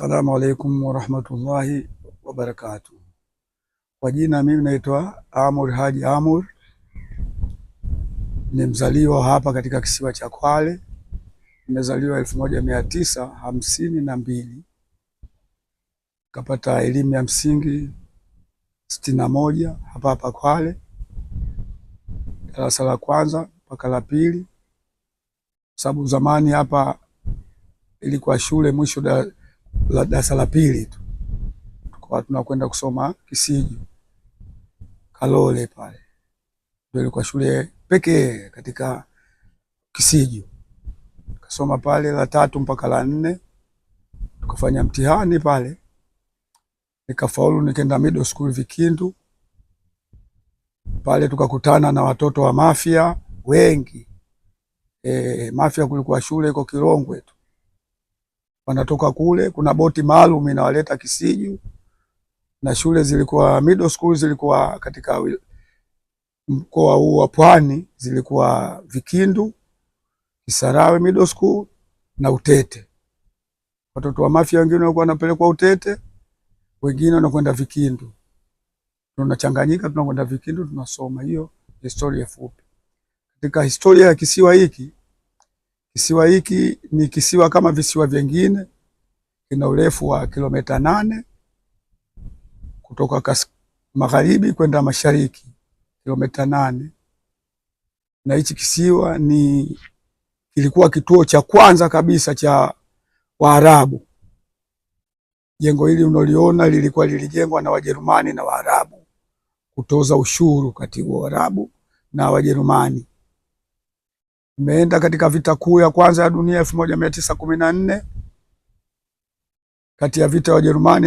Assalamu alaikum warahmatullahi wabarakatu Kwa jina mimi naitwa Amur Haji Amur, ni mzaliwa hapa katika kisiwa cha Kwale. Nimezaliwa elfu moja mia tisa hamsini na mbili, kapata elimu ya msingi sitini na moja hapa hapa Kwale, darasa la kwanza mpaka la pili, sababu zamani hapa ilikuwa shule mwisho da la darasa la pili tu, tukawa tunakwenda kusoma Kisiju Kalole pale, ndio ilikuwa shule pekee katika Kisiju. kasoma pale la tatu mpaka la nne, tukafanya mtihani pale, nikafaulu, nikaenda middle school Vikindu pale tukakutana na watoto wa Mafia wengi. E, Mafia kulikuwa shule iko Kirongwe tu wanatoka kule. Kuna boti maalum inawaleta Kisiju, na shule zilikuwa middle school zilikuwa katika mkoa huu wa Pwani, zilikuwa Vikindu, Kisarawe middle school na Utete. Watoto wa Mafia wengine walikuwa wanapelekwa Utete, wengine wanakwenda Vikindu, tunachanganyika, tunakwenda Vikindu tunasoma. Hiyo historia fupi. Katika historia ya kisiwa hiki Kisiwa hiki ni kisiwa kama visiwa vyengine, kina urefu wa kilomita nane kutoka kas magharibi kwenda mashariki kilomita nane, na hichi kisiwa ni kilikuwa kituo cha kwanza kabisa cha Waarabu. Jengo hili unaliona lilikuwa lilijengwa na Wajerumani na Waarabu kutoza ushuru kati wa Waarabu na Wajerumani. Imeenda katika vita kuu ya kwanza ya dunia elfu moja mia tisa kumi na nne kati ya vita ya